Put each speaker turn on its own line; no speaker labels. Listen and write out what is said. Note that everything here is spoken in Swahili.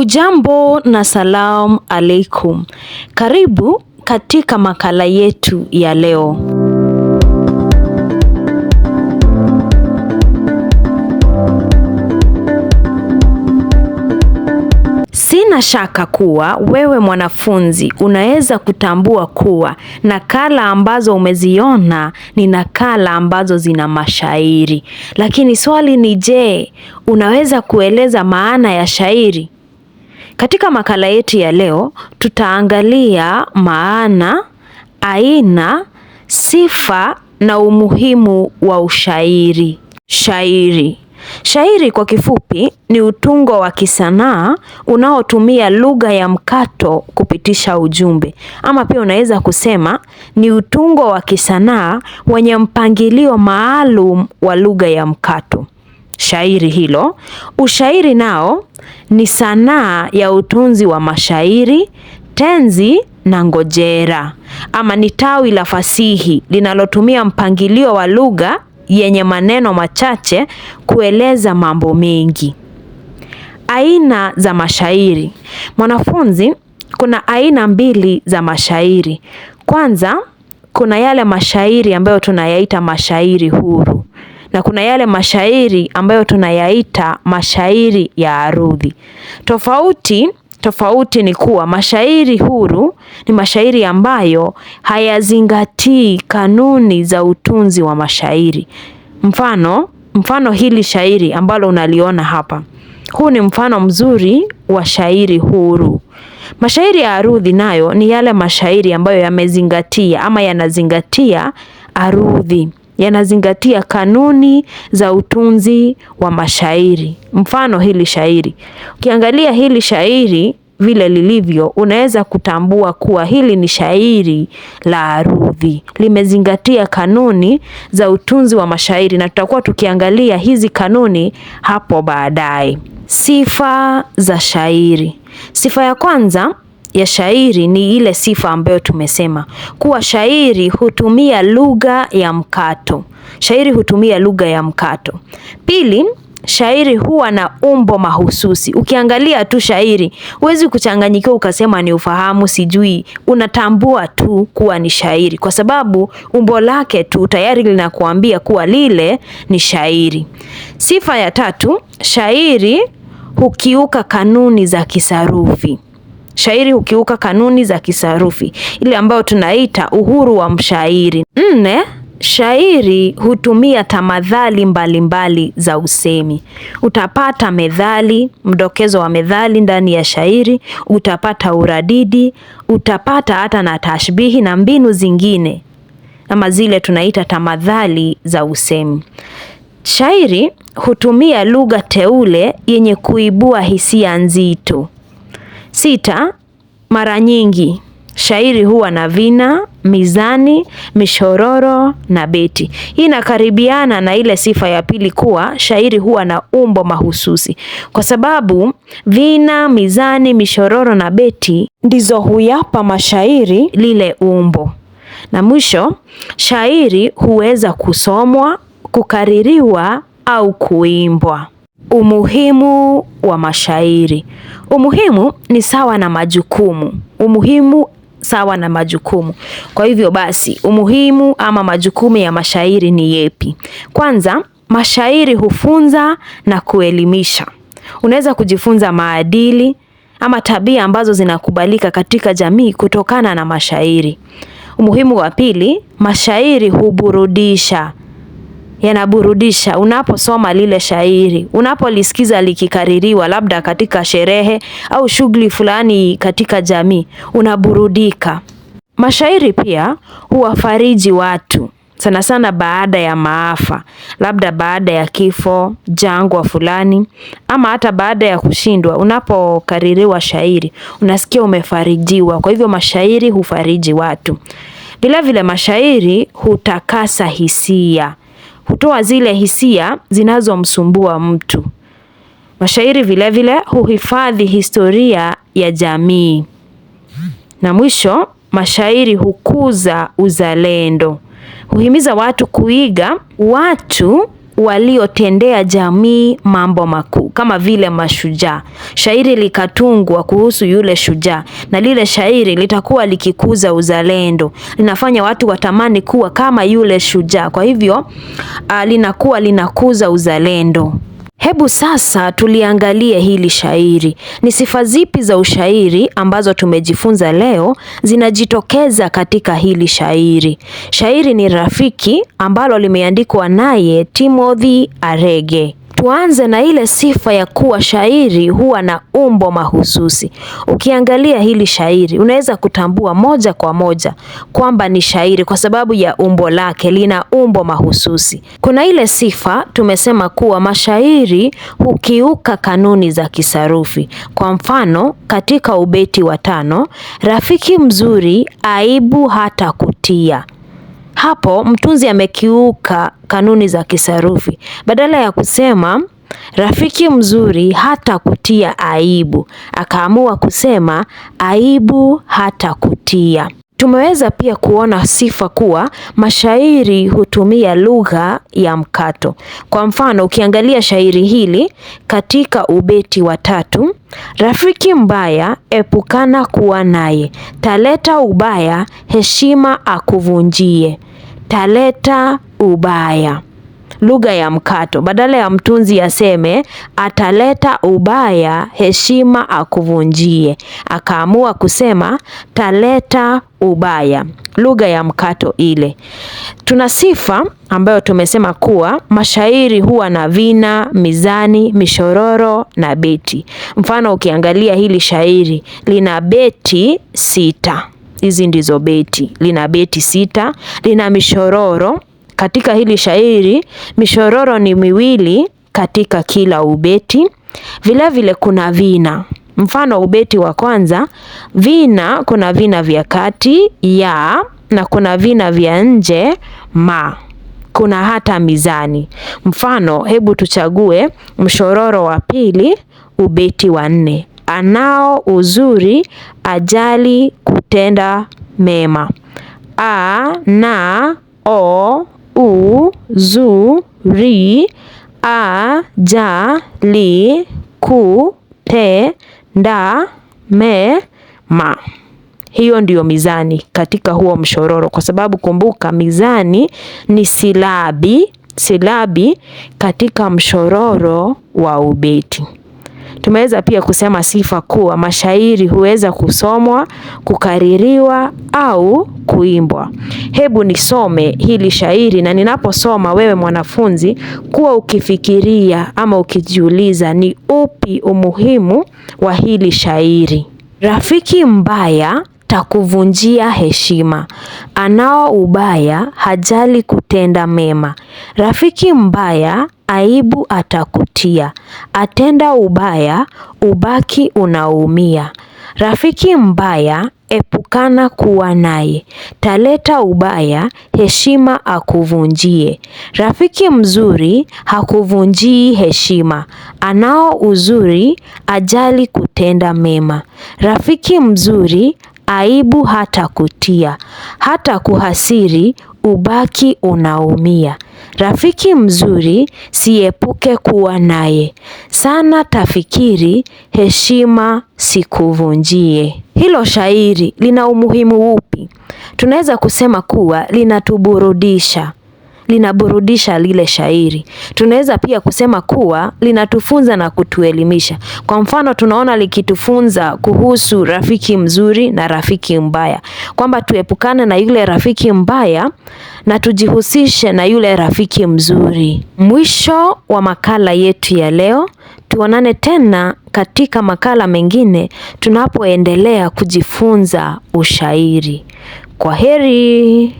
Hujambo na salamu alaikum. Karibu katika makala yetu ya leo. Sina shaka kuwa wewe mwanafunzi unaweza kutambua kuwa nakala ambazo umeziona ni nakala ambazo zina mashairi. Lakini swali ni je, unaweza kueleza maana ya shairi? Katika makala yetu ya leo tutaangalia maana, aina, sifa na umuhimu wa ushairi. Shairi. Shairi kwa kifupi ni utungo wa kisanaa unaotumia lugha ya mkato kupitisha ujumbe, ama pia unaweza kusema ni utungo wa kisanaa wenye mpangilio maalum wa lugha ya mkato shairi hilo. Ushairi nao ni sanaa ya utunzi wa mashairi, tenzi na ngojera, ama ni tawi la fasihi linalotumia mpangilio wa lugha yenye maneno machache kueleza mambo mengi. Aina za mashairi. Mwanafunzi, kuna aina mbili za mashairi. Kwanza, kuna yale mashairi ambayo tunayaita mashairi huru na kuna yale mashairi ambayo tunayaita mashairi ya arudhi. Tofauti tofauti ni kuwa mashairi huru ni mashairi ambayo hayazingatii kanuni za utunzi wa mashairi. Mfano, mfano hili shairi ambalo unaliona hapa, huu ni mfano mzuri wa shairi huru. Mashairi ya arudhi nayo ni yale mashairi ambayo yamezingatia ama yanazingatia arudhi yanazingatia kanuni za utunzi wa mashairi. Mfano hili shairi, ukiangalia hili shairi vile lilivyo, unaweza kutambua kuwa hili ni shairi la arudhi, limezingatia kanuni za utunzi wa mashairi, na tutakuwa tukiangalia hizi kanuni hapo baadaye. Sifa za shairi. Sifa ya kwanza ya shairi ni ile sifa ambayo tumesema kuwa shairi hutumia lugha ya mkato. Shairi hutumia lugha ya mkato. Pili, shairi huwa na umbo mahususi. Ukiangalia tu shairi huwezi kuchanganyikiwa ukasema ni ufahamu sijui, unatambua tu kuwa ni shairi kwa sababu umbo lake tu tayari linakuambia kuwa lile ni shairi. Sifa ya tatu, shairi hukiuka kanuni za kisarufi shairi hukiuka kanuni za kisarufi, ile ambayo tunaita uhuru wa mshairi. Nne, shairi hutumia tamadhali mbalimbali mbali za usemi. Utapata methali, mdokezo wa methali ndani ya shairi, utapata uradidi, utapata hata na tashbihi na mbinu zingine ama zile tunaita tamadhali za usemi. Shairi hutumia lugha teule yenye kuibua hisia nzito. Sita, mara nyingi shairi huwa na vina, mizani, mishororo na beti. Hii inakaribiana na ile sifa ya pili kuwa shairi huwa na umbo mahususi, kwa sababu vina, mizani, mishororo na beti ndizo huyapa mashairi lile umbo. Na mwisho, shairi huweza kusomwa, kukaririwa au kuimbwa. Umuhimu wa mashairi. Umuhimu ni sawa na majukumu. Umuhimu sawa na majukumu. Kwa hivyo basi, umuhimu ama majukumu ya mashairi ni yepi? Kwanza, mashairi hufunza na kuelimisha. Unaweza kujifunza maadili ama tabia ambazo zinakubalika katika jamii kutokana na mashairi. Umuhimu wa pili, mashairi huburudisha yanaburudisha unaposoma lile shairi, unapolisikiza likikaririwa labda katika sherehe au shughuli fulani katika jamii, unaburudika. Mashairi pia huwafariji watu sana sana baada ya maafa, labda baada ya kifo, jangwa fulani, ama hata baada ya kushindwa. Unapokaririwa shairi unasikia umefarijiwa. Kwa hivyo mashairi hufariji watu. Vilevile mashairi hutakasa hisia hutoa zile hisia zinazomsumbua mtu. Mashairi vilevile huhifadhi historia ya jamii. Na mwisho, mashairi hukuza uzalendo, huhimiza watu kuiga watu waliotendea jamii mambo makuu kama vile mashujaa. Shairi likatungwa kuhusu yule shujaa, na lile shairi litakuwa likikuza uzalendo, linafanya watu watamani kuwa kama yule shujaa. Kwa hivyo, ah, linakuwa linakuza uzalendo. Hebu sasa tuliangalie hili shairi. Ni sifa zipi za ushairi ambazo tumejifunza leo zinajitokeza katika hili shairi? Shairi ni Rafiki ambalo limeandikwa naye Timothy Arege. Tuanze na ile sifa ya kuwa shairi huwa na umbo mahususi. Ukiangalia hili shairi unaweza kutambua moja kwa moja kwamba ni shairi kwa sababu ya umbo lake, lina umbo mahususi. Kuna ile sifa tumesema kuwa mashairi hukiuka kanuni za kisarufi. Kwa mfano, katika ubeti wa tano, rafiki mzuri aibu hata kutia. Hapo mtunzi amekiuka kanuni za kisarufi. Badala ya kusema rafiki mzuri hata kutia aibu, akaamua kusema aibu hata kutia. Tumeweza pia kuona sifa kuwa mashairi hutumia lugha ya mkato. Kwa mfano, ukiangalia shairi hili katika ubeti wa tatu, rafiki mbaya epukana kuwa naye, taleta ubaya heshima akuvunjie, taleta ubaya lugha ya mkato, badala ya mtunzi aseme ataleta ubaya heshima akuvunjie, akaamua kusema taleta ubaya, lugha ya mkato ile. Tuna sifa ambayo tumesema kuwa mashairi huwa na vina, mizani, mishororo na beti. Mfano, ukiangalia hili shairi lina beti sita. Hizi ndizo beti. Lina beti sita, lina mishororo katika hili shairi mishororo ni miwili katika kila ubeti. Vilevile vile kuna vina, mfano ubeti wa kwanza vina, kuna vina vya kati ya na kuna vina vya nje ma. Kuna hata mizani, mfano hebu tuchague mshororo wa pili ubeti wa nne anao uzuri ajali kutenda mema a na o u, zu, ri, a, ja, li, ku, te, nda, me, ma. Hiyo ndiyo mizani katika huo mshororo, kwa sababu kumbuka, mizani ni silabi silabi katika mshororo wa ubeti. Tumeweza pia kusema sifa kuwa mashairi huweza kusomwa, kukaririwa au kuimbwa. Hebu nisome hili shairi, na ninaposoma wewe mwanafunzi, kuwa ukifikiria ama ukijiuliza ni upi umuhimu wa hili shairi. Rafiki mbaya takuvunjia heshima, anao ubaya hajali kutenda mema. Rafiki mbaya aibu atakutia, atenda ubaya ubaki unaumia. Rafiki mbaya epukana kuwa naye, taleta ubaya heshima akuvunjie. Rafiki mzuri hakuvunjii heshima, anao uzuri ajali kutenda mema. Rafiki mzuri aibu hatakutia, kuhasiri ubaki unaumia. Rafiki mzuri siepuke kuwa naye, sana tafikiri heshima sikuvunjie. Hilo shairi lina umuhimu upi? Tunaweza kusema kuwa linatuburudisha, linaburudisha lile shairi. Tunaweza pia kusema kuwa linatufunza na kutuelimisha. Kwa mfano, tunaona likitufunza kuhusu rafiki mzuri na rafiki mbaya, kwamba tuepukane na yule rafiki mbaya na tujihusishe na yule rafiki mzuri. Mwisho wa makala yetu ya leo. Tuonane tena katika makala mengine tunapoendelea kujifunza ushairi. Kwa heri.